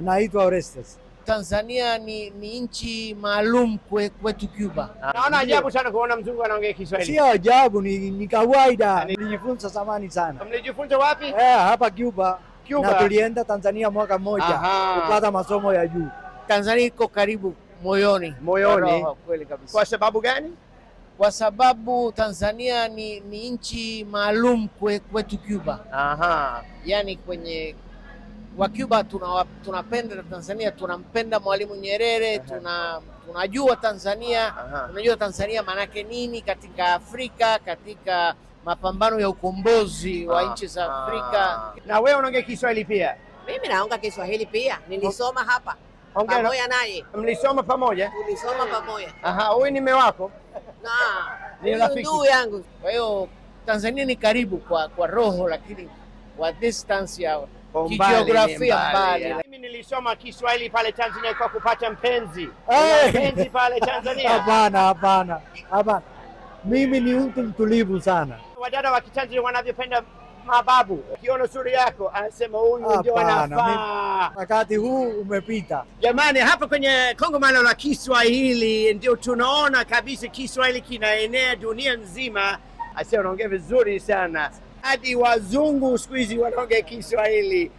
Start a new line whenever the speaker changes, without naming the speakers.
unaitwa Orestes.
Tanzania ni, ni nchi maalum kwetu Cuba.
Naona ajabu sana kuona mzungu anaongea Kiswahili.
Sio ajabu, ni, ni kawaida.
Nilijifunza zamani sana. Mlijifunza wapi?
Eh, hapa Cuba. Cuba. Na tulienda Tanzania mwaka mmoja kupata masomo ya juu.
Tanzania iko karibu moyoni.
Moyoni. Kweli kabisa. Kwa sababu gani?
Kwa sababu Tanzania ni, ni nchi maalum kwetu Cuba.
Aha.
Yaani kwenye wa Cuba tunapenda tuna Tanzania tunampenda Mwalimu Nyerere, tuna tunajua Tanzania Tunajua Tanzania maanake nini katika Afrika, katika mapambano ya ukombozi wa nchi za Afrika.
Na wewe unaongea Kiswahili pia?
Mimi naonga Kiswahili pia, nilisoma hapa pamoja naye.
Mlisoma pamoja?
Tulisoma pamoja.
Aha, huyu ni mume wako?
Na ni rafiki yangu. Kwa hiyo Tanzania ni karibu kwa, kwa roho lakini kwa distance yao kijiografia mbali.
Mimi nilisoma Kiswahili pale Tanzania kwa kupata mpenzi. Mpenzi pale Tanzania?
Hapana, hapana, hapana. Mimi ni mtu mtulivu sana.
Wadada wa Kitanzania wanavyopenda mababu, kiona sura yako anasema huyu ndio anafaa.
Wakati huu umepita
jamani. Hapa kwenye kongamano la Kiswahili ndio tunaona kabisa Kiswahili kinaenea dunia nzima. Asi, unaongea vizuri sana hadi wazungu siku hizi wanaongea Kiswahili.